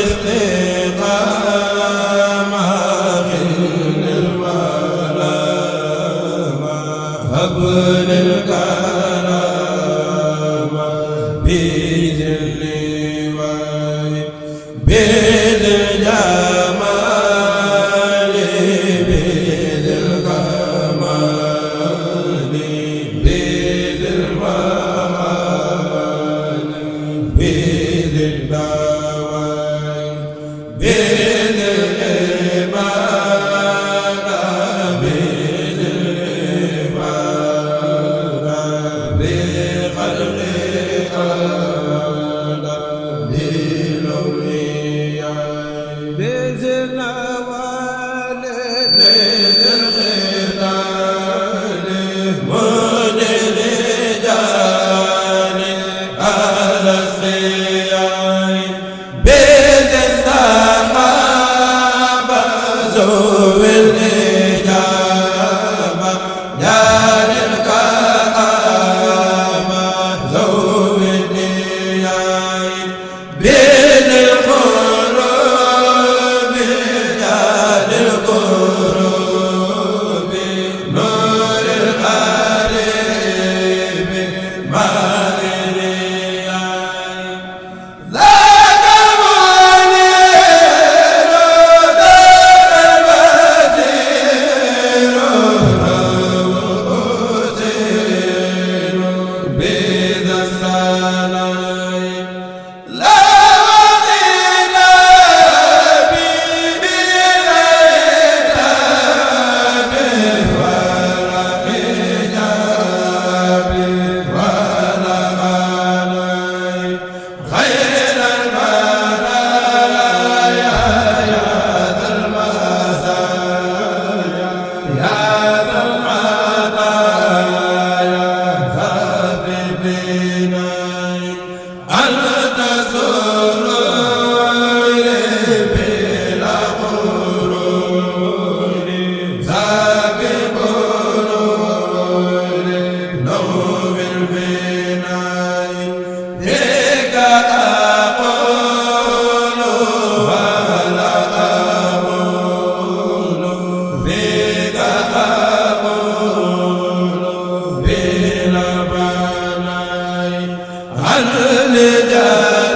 Christ عن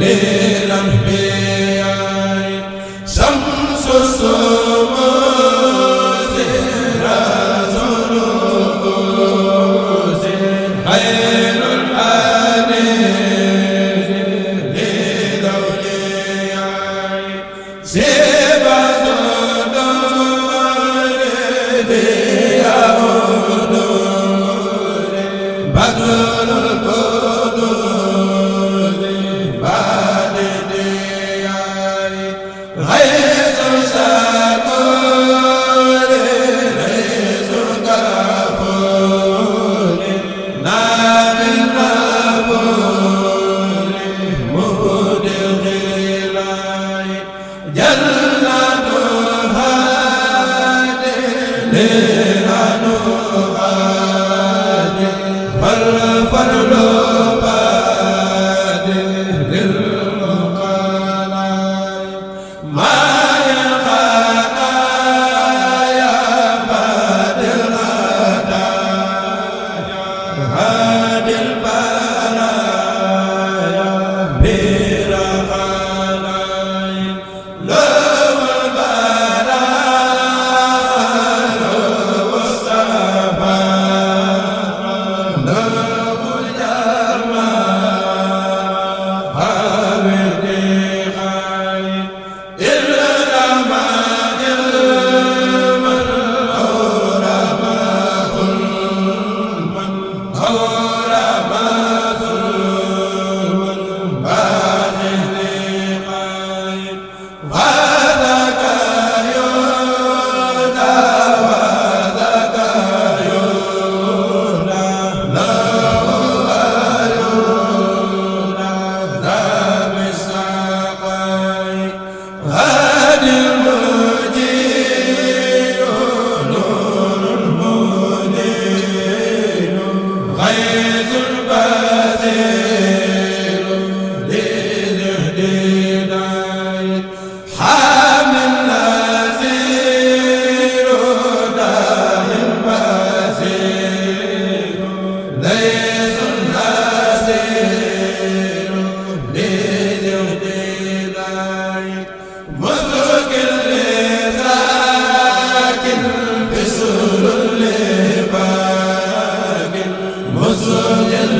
le jël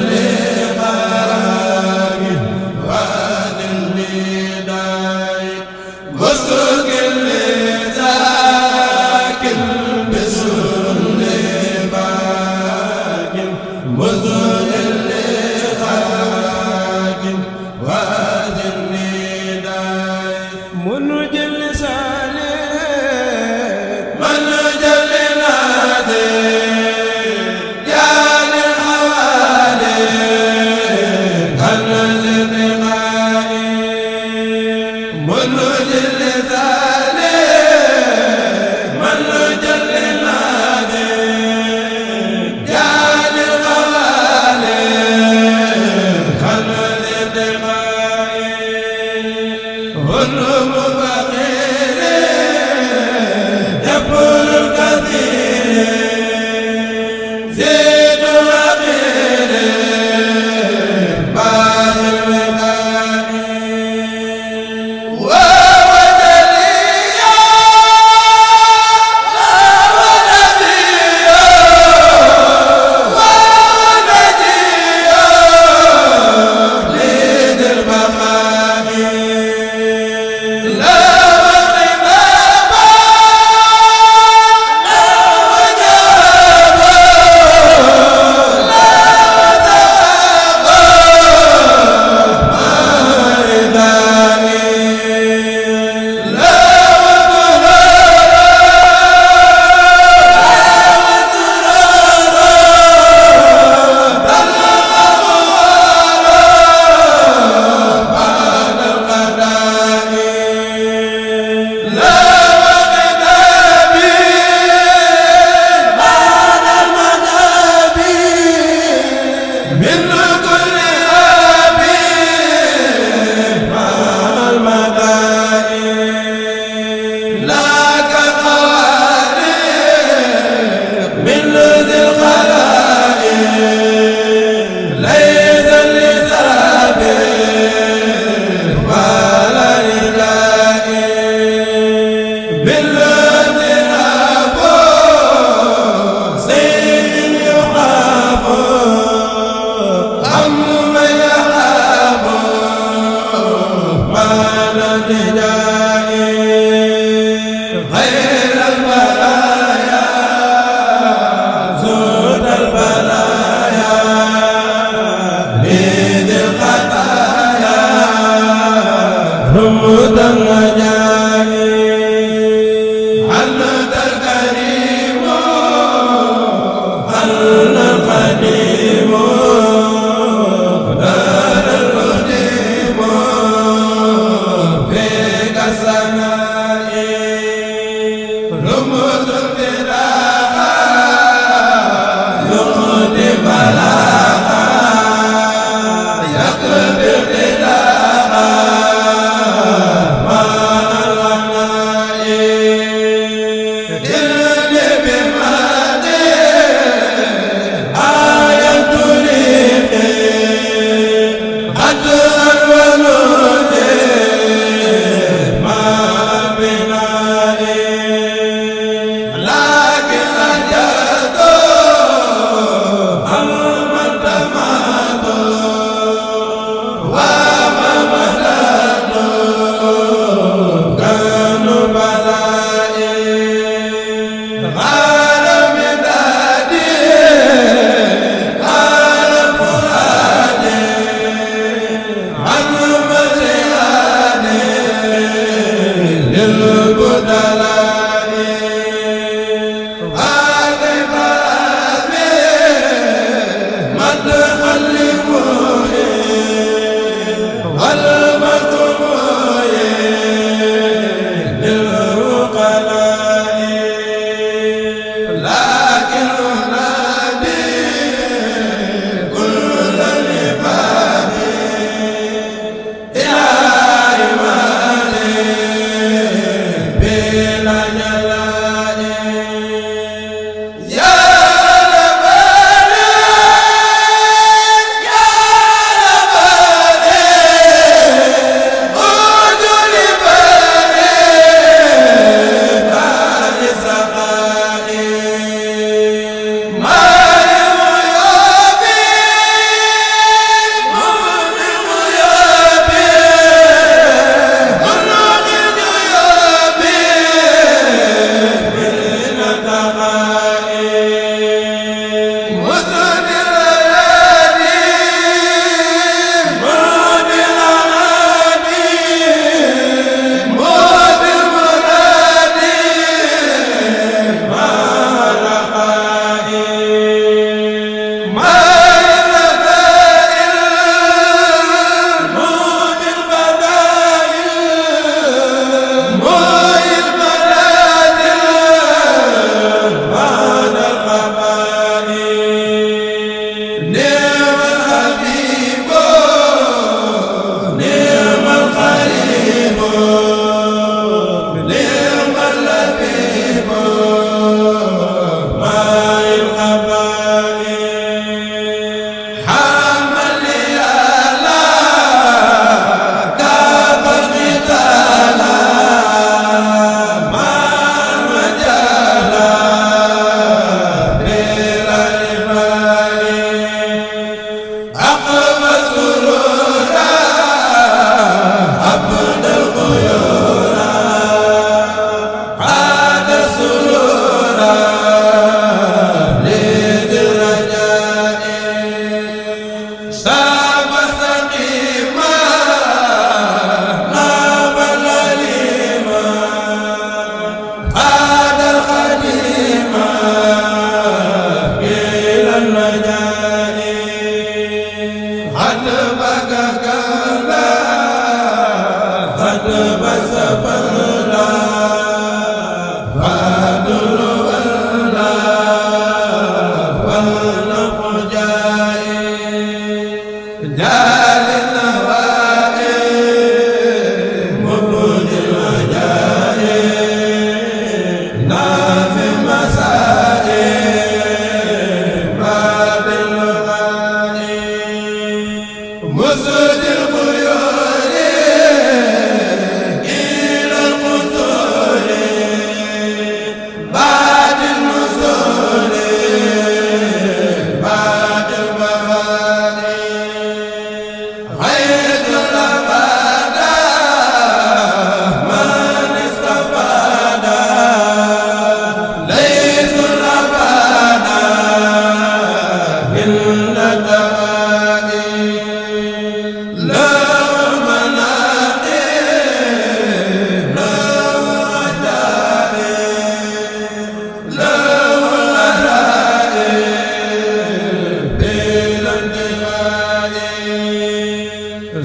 dang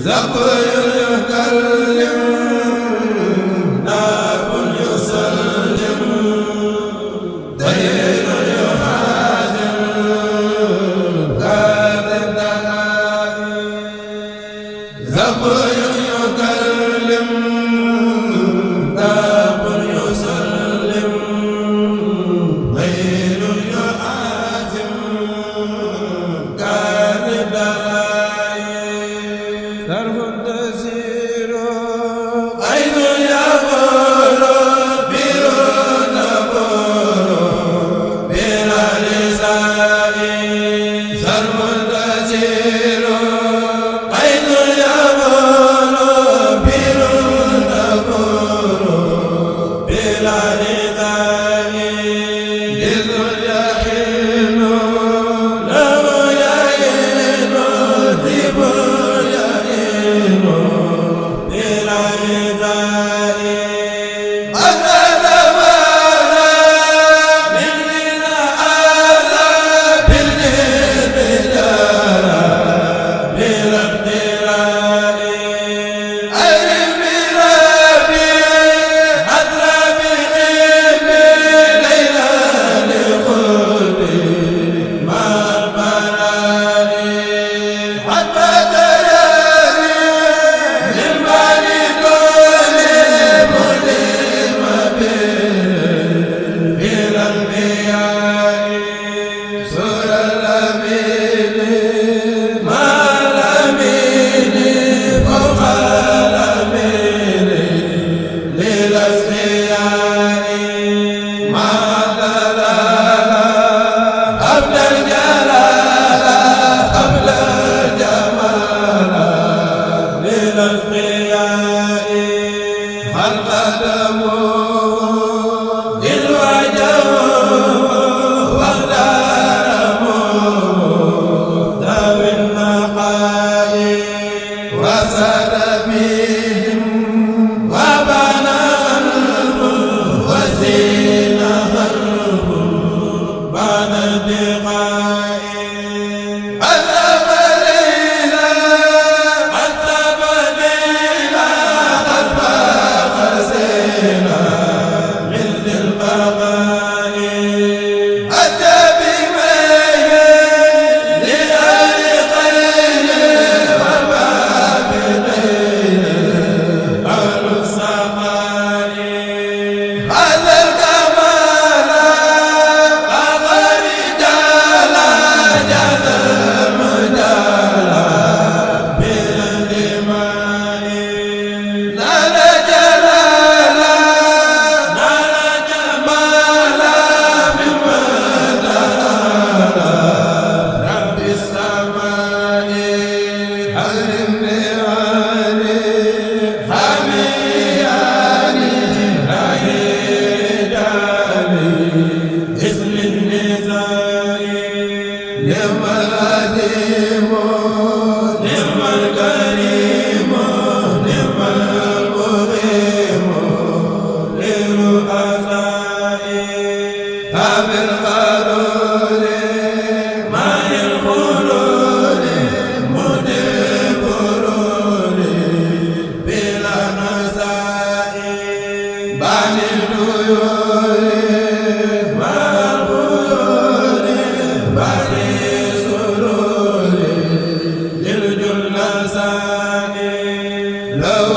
zab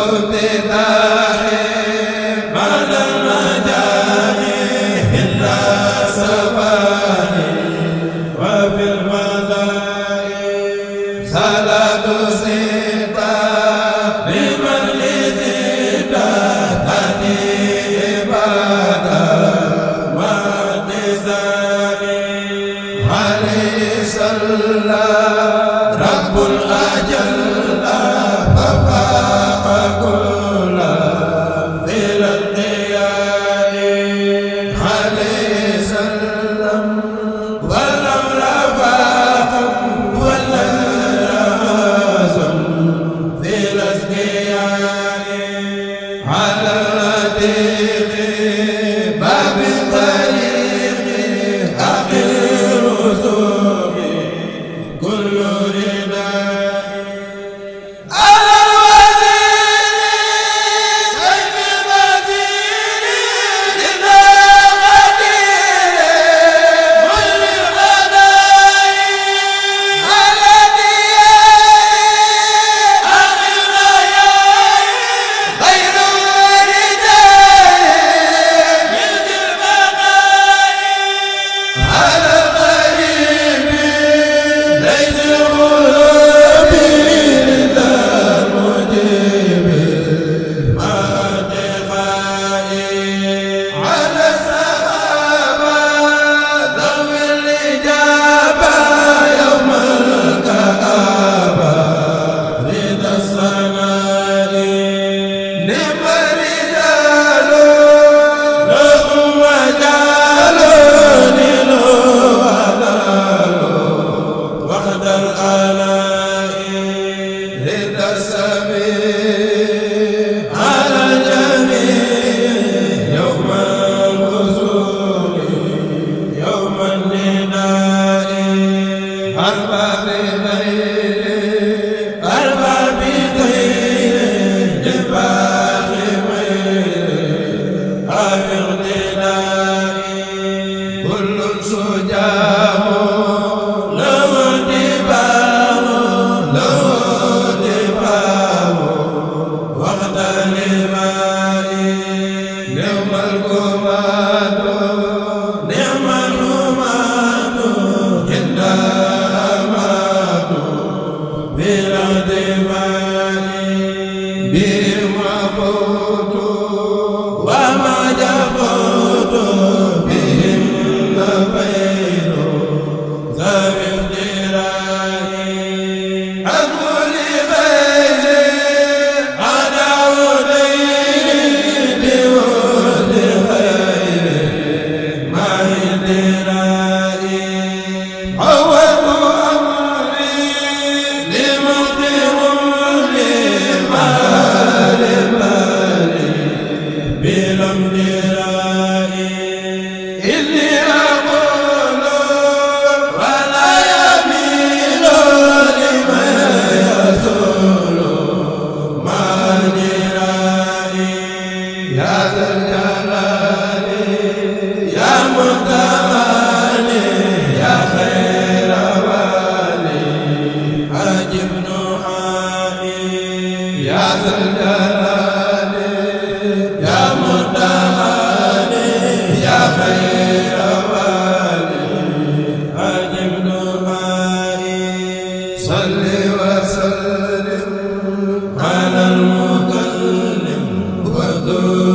bi Deva Deva Father